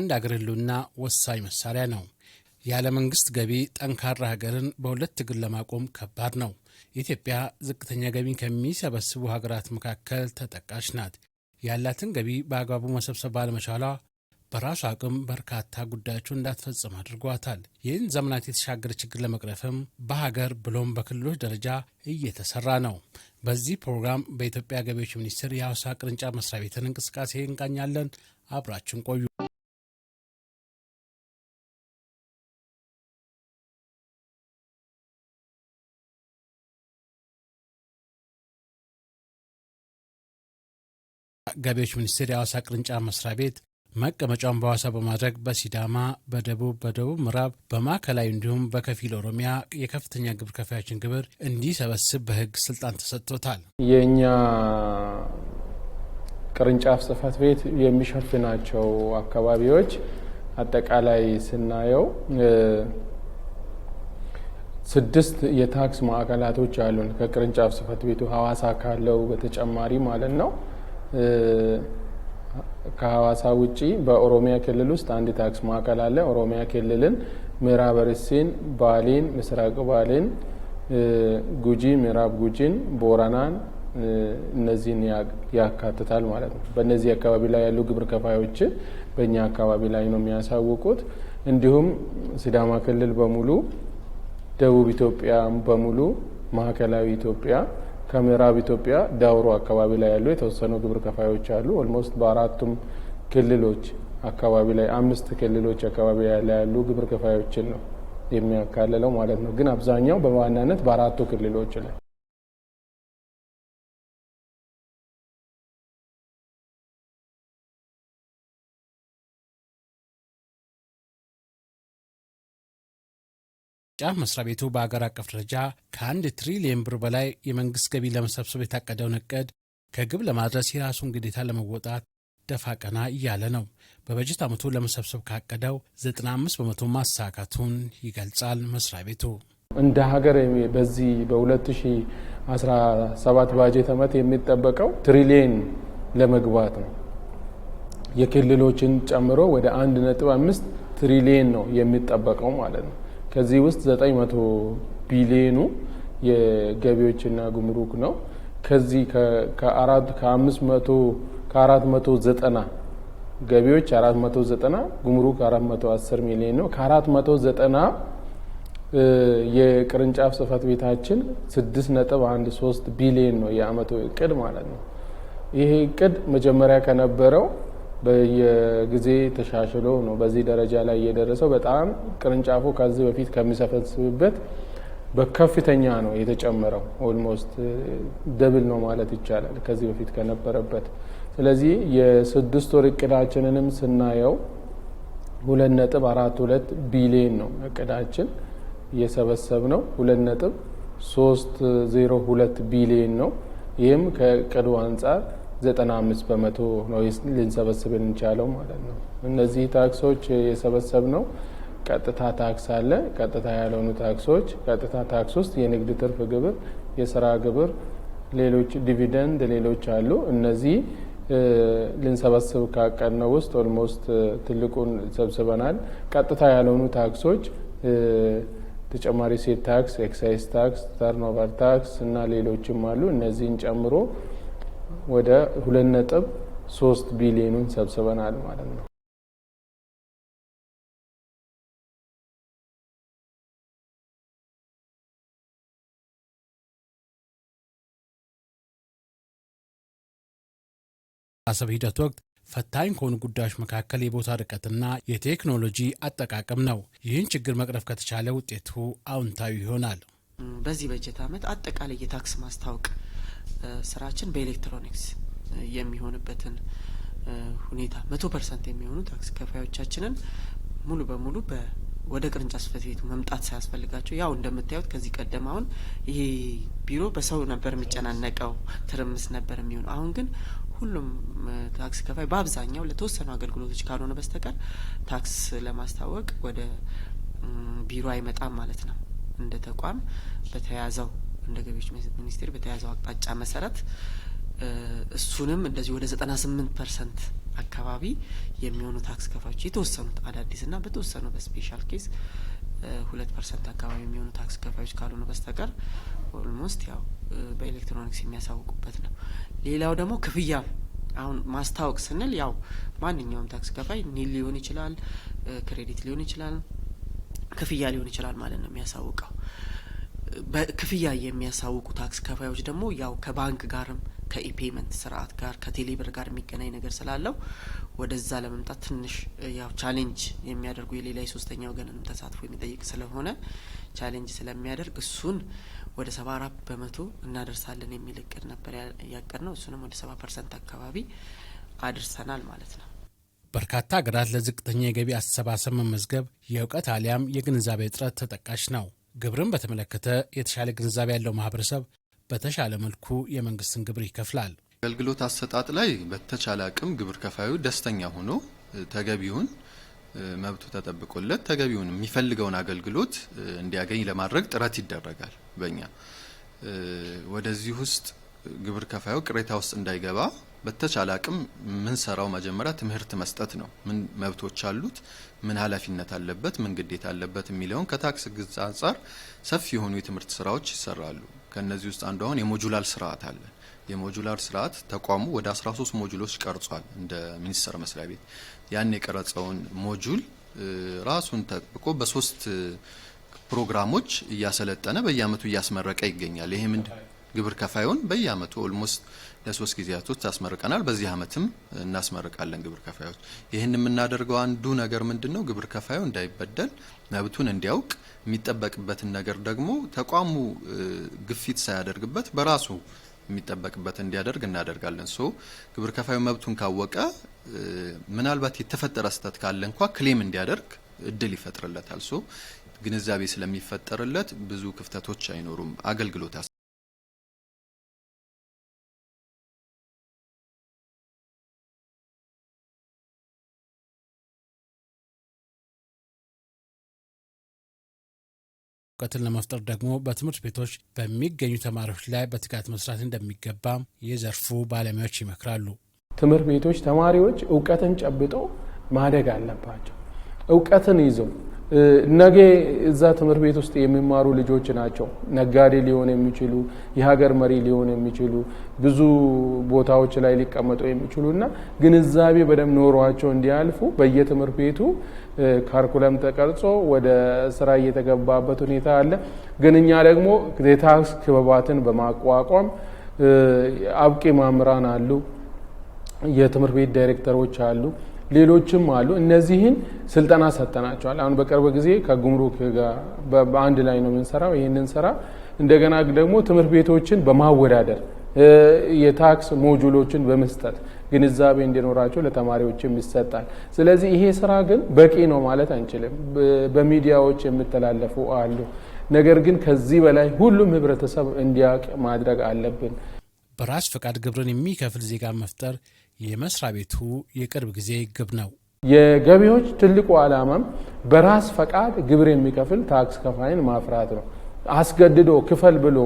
አንድ አገር ህልውና ወሳኝ መሳሪያ ነው። ያለ መንግስት ገቢ ጠንካራ ሀገርን በሁለት እግር ለማቆም ከባድ ነው። ኢትዮጵያ ዝቅተኛ ገቢ ከሚሰበስቡ ሀገራት መካከል ተጠቃሽ ናት። ያላትን ገቢ በአግባቡ መሰብሰብ ባለመቻሏ በራሱ አቅም በርካታ ጉዳዮቹ እንዳትፈጽም አድርጓታል። ይህን ዘመናት የተሻገረ ችግር ለመቅረፍም በሀገር ብሎም በክልሎች ደረጃ እየተሰራ ነው። በዚህ ፕሮግራም በኢትዮጵያ ገቢዎች ሚኒስቴር የሐዋሳ ቅርንጫፍ መስሪያ ቤትን እንቅስቃሴ እንቃኛለን። አብራችን ቆዩ። ገቢዎች ሚኒስቴር የአዋሳ ቅርንጫፍ መስሪያ ቤት መቀመጫውን በዋሳ በማድረግ በሲዳማ፣ በደቡብ፣ በደቡብ ምዕራብ፣ በማዕከላዊ እንዲሁም በከፊል ኦሮሚያ የከፍተኛ ግብር ከፋዮችን ግብር እንዲሰበስብ በሕግ ስልጣን ተሰጥቶታል። የእኛ ቅርንጫፍ ጽህፈት ቤት የሚሸፍናቸው አካባቢዎች አጠቃላይ ስናየው ስድስት የታክስ ማዕከላቶች አሉን ከቅርንጫፍ ጽህፈት ቤቱ ሀዋሳ ካለው በተጨማሪ ማለት ነው። ከሀዋሳ ውጪ በኦሮሚያ ክልል ውስጥ አንድ ታክስ ማዕከል አለ። ኦሮሚያ ክልልን ምዕራብ አርሲን፣ ባሌን፣ ምስራቅ ባሌን፣ ጉጂ፣ ምዕራብ ጉጂን፣ ቦረናን እነዚህን ያካትታል ማለት ነው። በእነዚህ አካባቢ ላይ ያሉ ግብር ከፋዮች በእኛ አካባቢ ላይ ነው የሚያሳውቁት። እንዲሁም ሲዳማ ክልል በሙሉ፣ ደቡብ ኢትዮጵያ በሙሉ፣ ማዕከላዊ ኢትዮጵያ ከምዕራብ ኢትዮጵያ ዳውሮ አካባቢ ላይ ያሉ የተወሰኑ ግብር ከፋዮች አሉ። ኦልሞስት በአራቱም ክልሎች አካባቢ ላይ አምስት ክልሎች አካባቢ ላይ ያሉ ግብር ከፋዮችን ነው የሚያካልለው ማለት ነው። ግን አብዛኛው በዋናነት በአራቱ ክልሎች ላይ ምርጫ መስሪያ ቤቱ በአገር አቀፍ ደረጃ ከአንድ ትሪሊየን ብር በላይ የመንግስት ገቢ ለመሰብሰብ የታቀደውን እቅድ ከግብ ለማድረስ የራሱን ግዴታ ለመወጣት ደፋ ቀና እያለ ነው። በበጀት ዓመቱ ለመሰብሰብ ካቀደው 95 በመቶ ማሳካቱን ይገልጻል መስሪያ ቤቱ። እንደ ሀገር በዚህ በ2017 ባጀት ዓመት የሚጠበቀው ትሪሊየን ለመግባት ነው። የክልሎችን ጨምሮ ወደ 1.5 ትሪሊየን ነው የሚጠበቀው ማለት ነው። ከዚህ ውስጥ 900 ቢሊዮኑ የገቢዎችና ጉምሩክ ነው። ከዚህ ከ490 ገቢዎች 490 ጉምሩክ 410 ሚሊዮን ነው። ከ490 የቅርንጫፍ ጽህፈት ቤታችን 6.13 ቢሊዮን ነው የአመቱ እቅድ ማለት ነው። ይሄ እቅድ መጀመሪያ ከነበረው በየጊዜ ተሻሽሎ ነው በዚህ ደረጃ ላይ የደረሰው። በጣም ቅርንጫፉ ከዚህ በፊት ከሚሰፈስብበት በከፍተኛ ነው የተጨመረው። ኦልሞስት ደብል ነው ማለት ይቻላል ከዚህ በፊት ከነበረበት። ስለዚህ የስድስት ወር እቅዳችንንም ስናየው ሁለት ነጥብ አራት ሁለት ቢሊዮን ነው እቅዳችን እየሰበሰብ ነው ሁለት ነጥብ ሶስት ዜሮ ሁለት ቢሊዮን ነው። ይህም ከእቅዱ አንጻር ዘጠና አምስት በመቶ ነው ልንሰበስብ እንቻለው ማለት ነው። እነዚህ ታክሶች የሰበሰብ ነው ቀጥታ ታክስ አለ። ቀጥታ ያልሆኑ ታክሶች፣ ቀጥታ ታክስ ውስጥ የንግድ ትርፍ ግብር፣ የስራ ግብር፣ ሌሎች ዲቪደንድ፣ ሌሎች አሉ። እነዚህ ልንሰበስብ ካቀድነው ውስጥ ኦልሞስት ትልቁን ሰብስበናል። ቀጥታ ያልሆኑ ታክሶች ተጨማሪ ሴት ታክስ፣ ኤክሳይዝ ታክስ፣ ተርኖቨር ታክስ እና ሌሎችም አሉ። እነዚህን ጨምሮ ወደ ሁለት ነጥብ ሶስት ቢሊዮኑን ሰብስበናል ማለት ነው። አሰብ ሂደት ወቅት ፈታኝ ከሆኑ ጉዳዮች መካከል የቦታ ርቀትና የቴክኖሎጂ አጠቃቀም ነው። ይህን ችግር መቅረፍ ከተቻለ ውጤቱ አውንታዊ ይሆናል። በዚህ በጀት ዓመት አጠቃላይ የታክስ ማስታወቅ ስራችን በኤሌክትሮኒክስ የሚሆንበትን ሁኔታ መቶ ፐርሰንት የሚሆኑ ታክስ ከፋዮቻችንን ሙሉ በሙሉ ወደ ቅርንጫፍ ጽህፈት ቤቱ መምጣት ሳያስፈልጋቸው ያው እንደምታዩት ከዚህ ቀደም አሁን ይሄ ቢሮ በሰው ነበር የሚጨናነቀው፣ ትርምስ ነበር የሚሆነው። አሁን ግን ሁሉም ታክስ ከፋይ በአብዛኛው ለተወሰኑ አገልግሎቶች ካልሆነ በስተቀር ታክስ ለማስታወቅ ወደ ቢሮ አይመጣም ማለት ነው። እንደ ተቋም በተያያዘው እንደ ገቢዎች ሚኒስቴር በተያዘው አቅጣጫ መሰረት እሱንም እንደዚህ ወደ ዘጠና ስምንት ፐርሰንት አካባቢ የሚሆኑ ታክስ ከፋዮች የተወሰኑት አዳዲስና በተወሰኑ በስፔሻል ኬስ ሁለት ፐርሰንት አካባቢ የሚሆኑ ታክስ ከፋዮች ካልሆኑ በስተቀር ኦልሞስት ያው በኤሌክትሮኒክስ የሚያሳውቁበት ነው። ሌላው ደግሞ ክፍያ አሁን ማስታወቅ ስንል ያው ማንኛውም ታክስ ከፋይ ኒል ሊሆን ይችላል፣ ክሬዲት ሊሆን ይችላል፣ ክፍያ ሊሆን ይችላል ማለት ነው የሚያሳውቀው በክፍያ የሚያሳውቁ ታክስ ከፋዮች ደግሞ ያው ከባንክ ጋርም ከኢፔመንት ስርዓት ጋር ከቴሌብር ጋር የሚገናኝ ነገር ስላለው ወደዛ ለመምጣት ትንሽ ያው ቻሌንጅ የሚያደርጉ የሌላ የሶስተኛ ወገን ተሳትፎ የሚጠይቅ ስለሆነ ቻሌንጅ ስለሚያደርግ እሱን ወደ ሰባ አራት በመቶ እናደርሳለን የሚል እቅድ ነበር ያቀድ ነው። እሱንም ወደ ሰባ ፐርሰንት አካባቢ አድርሰናል ማለት ነው። በርካታ ሀገራት ለዝቅተኛ የገቢ አሰባሰብ መመዝገብ የእውቀት አሊያም የግንዛቤ እጥረት ተጠቃሽ ነው። ግብርን በተመለከተ የተሻለ ግንዛቤ ያለው ማህበረሰብ በተሻለ መልኩ የመንግስትን ግብር ይከፍላል። አገልግሎት አሰጣጥ ላይ በተቻለ አቅም ግብር ከፋዩ ደስተኛ ሆኖ ተገቢውን መብቱ ተጠብቆለት ተገቢውን የሚፈልገውን አገልግሎት እንዲያገኝ ለማድረግ ጥረት ይደረጋል። በእኛ ወደዚህ ውስጥ ግብር ከፋዩ ቅሬታ ውስጥ እንዳይገባ በተቻለ አቅም ምን ሰራው መጀመሪያ ትምህርት መስጠት ነው። ምን መብቶች አሉት፣ ምን ኃላፊነት አለበት፣ ምን ግዴታ አለበት የሚለውን ከታክስ ግዛ አንጻር ሰፊ የሆኑ የትምህርት ስራዎች ይሰራሉ። ከእነዚህ ውስጥ አንዱ አሁን የሞጁላል ስርዓት አለ። የሞጁላል ስርዓት ተቋሙ ወደ 13 ሞጁሎች ቀርጿል። እንደ ሚኒስቴር መስሪያ ቤት ያን የቀረጸውን ሞጁል ራሱን ጠብቆ በሶስት ፕሮግራሞች እያሰለጠነ በየአመቱ እያስመረቀ ይገኛል። ይሄ ምንድን ግብር ከፋዩን በየአመቱ ኦልሞስት ለሶስት ጊዜያቶች አስመርቀናል። በዚህ አመትም እናስመርቃለን ግብር ከፋዮች። ይህን የምናደርገው አንዱ ነገር ምንድን ነው? ግብር ከፋዩ እንዳይበደል መብቱን እንዲያውቅ የሚጠበቅበትን ነገር ደግሞ ተቋሙ ግፊት ሳያደርግበት በራሱ የሚጠበቅበት እንዲያደርግ እናደርጋለን። ሶ ግብር ከፋዩ መብቱን ካወቀ ምናልባት የተፈጠረ ስህተት ካለ እንኳ ክሌም እንዲያደርግ እድል ይፈጥርለታል። ሶ ግንዛቤ ስለሚፈጠርለት ብዙ ክፍተቶች አይኖሩም። አገልግሎት እውቀትን ለመፍጠር ደግሞ በትምህርት ቤቶች በሚገኙ ተማሪዎች ላይ በትጋት መስራት እንደሚገባ የዘርፉ ባለሙያዎች ይመክራሉ። ትምህርት ቤቶች ተማሪዎች እውቀትን ጨብጠው ማደግ አለባቸው። እውቀትን ይዘው ነገ እዛ ትምህርት ቤት ውስጥ የሚማሩ ልጆች ናቸው ነጋዴ ሊሆን የሚችሉ የሀገር መሪ ሊሆን የሚችሉ ብዙ ቦታዎች ላይ ሊቀመጡ የሚችሉ እና ግንዛቤ በደንብ ኖሯቸው እንዲያልፉ በየትምህርት ቤቱ ካርኩለም ተቀርጾ ወደ ስራ እየተገባበት ሁኔታ አለ። ግን እኛ ደግሞ የታክስ ክበባትን በማቋቋም አብቂ መምህራን አሉ፣ የትምህርት ቤት ዳይሬክተሮች አሉ። ሌሎችም አሉ። እነዚህን ስልጠና ሰጥተናቸዋል። አሁን በቅርብ ጊዜ ከጉምሩክ ጋር በአንድ ላይ ነው የምንሰራው ይህንን ስራ። እንደገና ደግሞ ትምህርት ቤቶችን በማወዳደር የታክስ ሞጁሎችን በመስጠት ግንዛቤ እንዲኖራቸው ለተማሪዎችም ይሰጣል። ስለዚህ ይሄ ስራ ግን በቂ ነው ማለት አንችልም። በሚዲያዎች የሚተላለፉ አሉ። ነገር ግን ከዚህ በላይ ሁሉም ህብረተሰብ እንዲያውቅ ማድረግ አለብን። በራስ ፈቃድ ግብርን የሚከፍል ዜጋ መፍጠር የመስሪያ ቤቱ የቅርብ ጊዜ ግብ ነው። የገቢዎች ትልቁ ዓላማም በራስ ፈቃድ ግብር የሚከፍል ታክስ ከፋይን ማፍራት ነው። አስገድዶ ክፈል ብሎ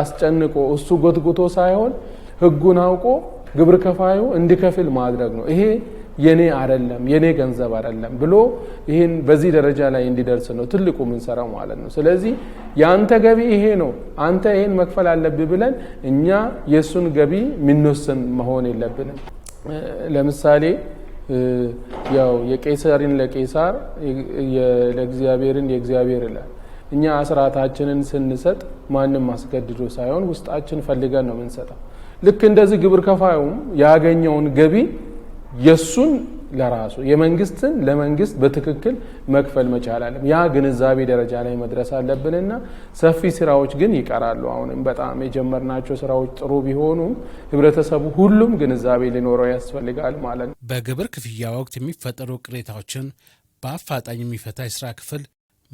አስጨንቆ እሱ ጎትጉቶ ሳይሆን ህጉን አውቆ ግብር ከፋዩ እንዲከፍል ማድረግ ነው። ይሄ የኔ አይደለም የኔ ገንዘብ አይደለም ብሎ ይህን በዚህ ደረጃ ላይ እንዲደርስ ነው ትልቁ ምንሰራው ማለት ነው። ስለዚህ የአንተ ገቢ ይሄ ነው፣ አንተ ይሄን መክፈል አለብህ ብለን እኛ የእሱን ገቢ የምንወስን መሆን የለብንም። ለምሳሌ ያው የቄሳርን ለቄሳር ለእግዚአብሔርን የእግዚአብሔር ይላል። እኛ አስራታችንን ስንሰጥ ማንም አስገድዶ ሳይሆን ውስጣችን ፈልገን ነው የምንሰጠው። ልክ እንደዚህ ግብር ከፋዩም ያገኘውን ገቢ የእሱን ለራሱ የመንግስትን ለመንግስት በትክክል መክፈል መቻል አለም። ያ ግንዛቤ ደረጃ ላይ መድረስ አለብንና ሰፊ ስራዎች ግን ይቀራሉ። አሁንም በጣም የጀመርናቸው ስራዎች ጥሩ ቢሆኑም ህብረተሰቡ ሁሉም ግንዛቤ ሊኖረው ያስፈልጋል ማለት ነው። በግብር ክፍያ ወቅት የሚፈጠሩ ቅሬታዎችን በአፋጣኝ የሚፈታ የስራ ክፍል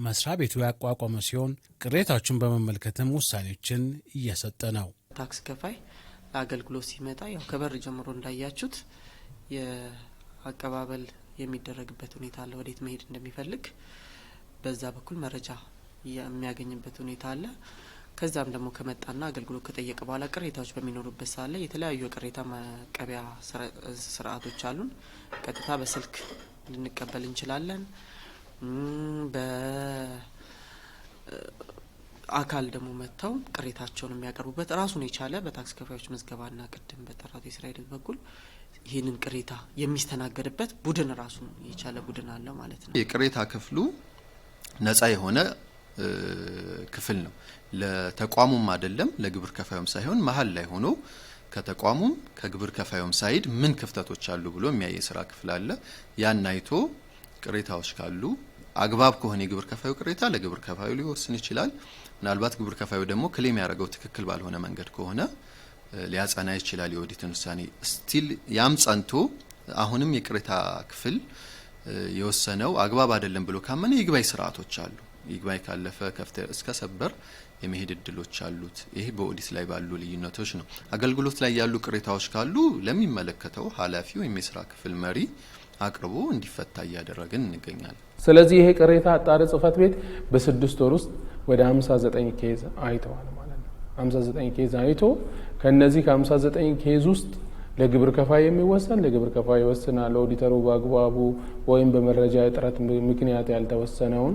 መስሪያ ቤቱ ያቋቋመ ሲሆን ቅሬታዎችን በመመልከትም ውሳኔዎችን እየሰጠ ነው። ታክስ ከፋይ ለአገልግሎት ሲመጣ ያው ከበር ጀምሮ እንዳያችሁት የአቀባበል የሚደረግበት ሁኔታ አለ። ወዴት መሄድ እንደሚፈልግ በዛ በኩል መረጃ የሚያገኝበት ሁኔታ አለ። ከዛም ደግሞ ከመጣና አገልግሎት ከጠየቀ በኋላ ቅሬታዎች በሚኖሩበት ሳለ የተለያዩ የቅሬታ መቀቢያ ስርዓቶች አሉን። ቀጥታ በስልክ ልንቀበል እንችላለን። በአካል ደግሞ መጥተው ቅሬታቸውን የሚያቀርቡበት ራሱን የቻለ በታክስ ከፋዮች ምዝገባና ቅድም በጠራቱ የስራ ሂደት በኩል ይህንን ቅሬታ የሚስተናገድበት ቡድን ራሱ የቻለ ቡድን አለው ማለት ነው። የቅሬታ ክፍሉ ነጻ የሆነ ክፍል ነው። ለተቋሙም አይደለም ለግብር ከፋዩም ሳይሆን መሀል ላይ ሆኖ ከተቋሙም ከግብር ከፋዩም ሳይድ ምን ክፍተቶች አሉ ብሎ የሚያየ ስራ ክፍል አለ። ያን አይቶ ቅሬታዎች ካሉ አግባብ ከሆነ የግብር ከፋዩ ቅሬታ ለግብር ከፋዩ ሊወስን ይችላል። ምናልባት ግብር ከፋዩ ደግሞ ክሌም ያደረገው ትክክል ባልሆነ መንገድ ከሆነ ሊያጸና ይችላል የኦዲትን ውሳኔ ስቲል ያም ጸንቶ አሁንም የቅሬታ ክፍል የወሰነው አግባብ አይደለም ብሎ ካመነ የይግባኝ ስርዓቶች አሉ። ይግባይ ካለፈ ከፍተ እስከ ሰበር የመሄድ እድሎች አሉት። ይሄ በኦዲት ላይ ባሉ ልዩነቶች ነው። አገልግሎት ላይ ያሉ ቅሬታዎች ካሉ ለሚመለከተው ሀላፊ ወይም የስራ ክፍል መሪ አቅርቦ እንዲፈታ እያደረግን እንገኛለን። ስለዚህ ይሄ ቅሬታ አጣሪ ጽፈት ቤት በስድስት ወር ውስጥ ወደ 59 ኬዝ አይተዋል ማለት ነው። 59 ኬዝ አይቶ ከነዚህ ከ59 ኬዝ ውስጥ ለግብር ከፋይ የሚወሰን ለግብር ከፋይ ይወስናል። ኦዲተሩ በአግባቡ ወይም በመረጃ እጥረት ምክንያት ያልተወሰነውን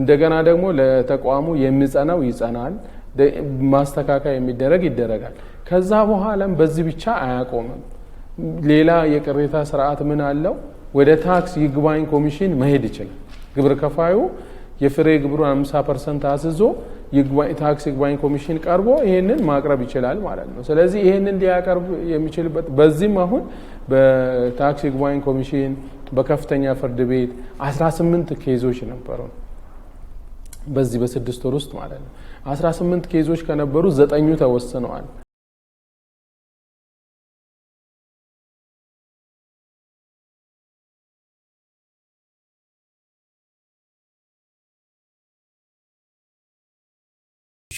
እንደገና ደግሞ ለተቋሙ የሚጸናው ይጸናል፣ ማስተካከያ የሚደረግ ይደረጋል። ከዛ በኋላም በዚህ ብቻ አያቆምም። ሌላ የቅሬታ ስርዓት ምን አለው? ወደ ታክስ ይግባኝ ኮሚሽን መሄድ ይችላል። ግብር ከፋዩ የፍሬ ግብሩን 50 ፐርሰንት አስዞ ታክስ ይግባኝ ኮሚሽን ቀርቦ ይህንን ማቅረብ ይችላል ማለት ነው። ስለዚህ ይህንን ሊያቀርብ የሚችልበት በዚህም አሁን በታክስ ይግባኝ ኮሚሽን በከፍተኛ ፍርድ ቤት 18 ኬዞች ነበሩ። በዚህ በስድስት ወር ውስጥ ማለት ነው 18 ኬዞች ከነበሩ ዘጠኙ ተወስነዋል።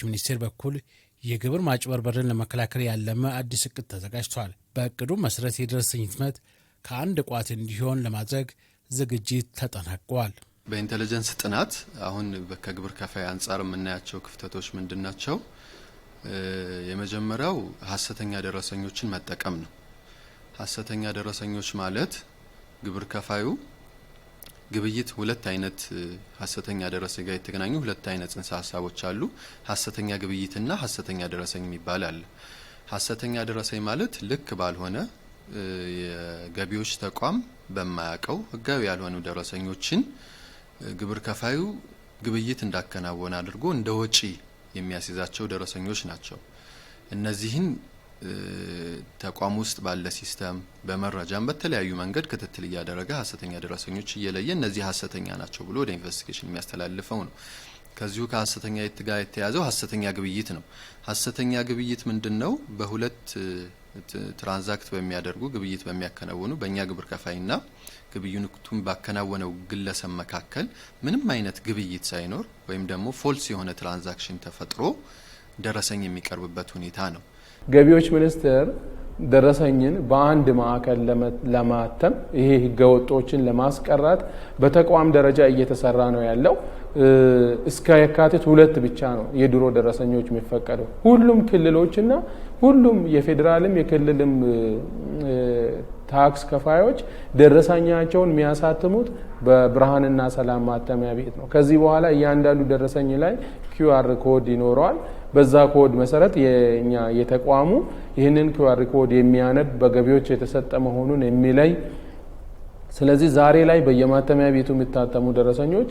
ሚኒስቴር በኩል የግብር ማጭበርበርን ለመከላከል ያለመ አዲስ እቅድ ተዘጋጅቷል። በእቅዱ መሰረት የደረሰኝ ህትመት ከአንድ ቋት እንዲሆን ለማድረግ ዝግጅት ተጠናቋል። በኢንቴሊጀንስ ጥናት አሁን ከግብር ከፋይ አንጻር የምናያቸው ክፍተቶች ምንድን ናቸው? የመጀመሪያው ሀሰተኛ ደረሰኞችን መጠቀም ነው። ሀሰተኛ ደረሰኞች ማለት ግብር ከፋዩ ግብይት ሁለት አይነት ሀሰተኛ ደረሰኝ ጋር የተገናኙ ሁለት አይነት ጽንሰ ሀሳቦች አሉ። ሀሰተኛ ግብይትና ሀሰተኛ ደረሰኝ የሚባል አለ። ሀሰተኛ ደረሰኝ ማለት ልክ ባልሆነ የገቢዎች ተቋም በማያውቀው ህጋዊ ያልሆኑ ደረሰኞችን ግብር ከፋዩ ግብይት እንዳከናወነ አድርጎ እንደ ወጪ የሚያስይዛቸው ደረሰኞች ናቸው። እነዚህን ተቋም ውስጥ ባለ ሲስተም በመረጃም በተለያዩ መንገድ ክትትል እያደረገ ሀሰተኛ ደረሰኞች እየለየ እነዚህ ሀሰተኛ ናቸው ብሎ ወደ ኢንቨስቲጌሽን የሚያስተላልፈው ነው። ከዚሁ ከሀሰተኛ ጋር የተያዘው ሀሰተኛ ግብይት ነው። ሀሰተኛ ግብይት ምንድን ነው? በሁለት ትራንዛክት በሚያደርጉ ግብይት በሚያከናውኑ በእኛ ግብር ከፋይና ግብይቱን ባከናወነው ግለሰብ መካከል ምንም አይነት ግብይት ሳይኖር ወይም ደግሞ ፎልስ የሆነ ትራንዛክሽን ተፈጥሮ ደረሰኝ የሚቀርብበት ሁኔታ ነው። ገቢዎች ሚኒስቴር ደረሰኝን በአንድ ማዕከል ለማተም ይሄ ህገወጦችን ለማስቀራት በተቋም ደረጃ እየተሰራ ነው ያለው። እስከ የካቲት ሁለት ብቻ ነው የድሮ ደረሰኞች የሚፈቀደው። ሁሉም ክልሎችና ሁሉም የፌዴራልም የክልልም ታክስ ከፋዮች ደረሰኛቸውን የሚያሳትሙት በብርሃንና ሰላም ማተሚያ ቤት ነው። ከዚህ በኋላ እያንዳንዱ ደረሰኝ ላይ ኪዩአር ኮድ ይኖረዋል። በዛ ኮድ መሰረት የኛ የተቋሙ ይህንን ኪዩአር ኮድ የሚያነብ በገቢዎች የተሰጠ መሆኑን የሚለይ ስለዚህ ዛሬ ላይ በየማተሚያ ቤቱ የሚታተሙ ደረሰኞች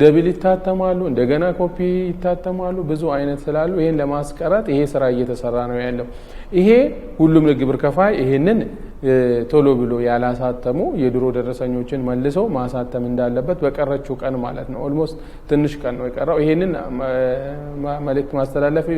ደብል ይታተማሉ፣ እንደገና ኮፒ ይታተማሉ፣ ብዙ አይነት ስላሉ ይህን ለማስቀረት ይሄ ስራ እየተሰራ ነው ያለው። ይሄ ሁሉም ግብር ከፋይ ይህንን ቶሎ ብሎ ያላሳተሙ የድሮ ደረሰኞችን መልሶ ማሳተም እንዳለበት በቀረችው ቀን ማለት ነው። ኦልሞስት ትንሽ ቀን ነው የቀረው። ይሄንን መልእክት ማስተላለፍ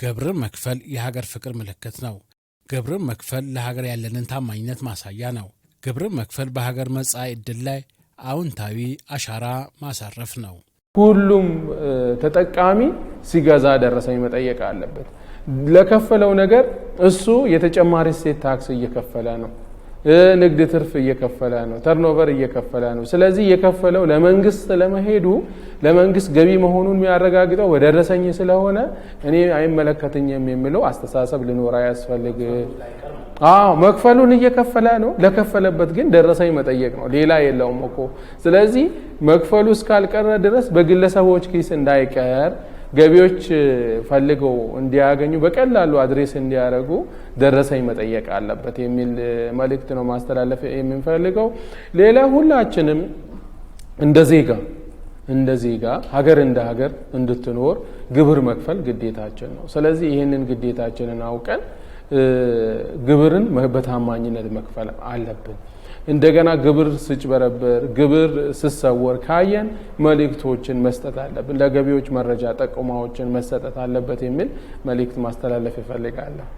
ግብርን መክፈል የሀገር ፍቅር ምልክት ነው። ግብርን መክፈል ለሀገር ያለንን ታማኝነት ማሳያ ነው። ግብር መክፈል በሀገር መጻኢ ዕድል ላይ አዎንታዊ አሻራ ማሳረፍ ነው። ሁሉም ተጠቃሚ ሲገዛ ደረሰኝ መጠየቅ አለበት። ለከፈለው ነገር እሱ የተጨማሪ እሴት ታክስ እየከፈለ ነው። ንግድ ትርፍ እየከፈለ ነው። ተርኖቨር እየከፈለ ነው። ስለዚህ የከፈለው ለመንግስት ለመሄዱ ለመንግስት ገቢ መሆኑን የሚያረጋግጠው በደረሰኝ ስለሆነ እኔ አይመለከትኝም የሚለው አስተሳሰብ ሊኖር ያስፈልግ አዎ መክፈሉን እየከፈለ ነው። ለከፈለበት ግን ደረሰኝ መጠየቅ ነው፣ ሌላ የለውም እኮ። ስለዚህ መክፈሉ እስካልቀረ ድረስ በግለሰቦች ኪስ እንዳይቀር ገቢዎች ፈልገው እንዲያገኙ በቀላሉ አድሬስ እንዲያደርጉ ደረሰኝ መጠየቅ አለበት የሚል መልእክት ነው ማስተላለፍ የምንፈልገው። ሌላ ሁላችንም እንደ ዜጋ እንደ ዜጋ ሀገር እንደ ሀገር እንድትኖር ግብር መክፈል ግዴታችን ነው። ስለዚህ ይህንን ግዴታችንን አውቀን ግብርን በታማኝነት መክፈል አለብን። እንደገና ግብር ስጭበረበር፣ ግብር ስሰወር ካየን መልእክቶችን መስጠት አለብን። ለገቢዎች መረጃ ጠቁማዎችን መሰጠት አለበት የሚል መልእክት ማስተላለፍ ይፈልጋለሁ።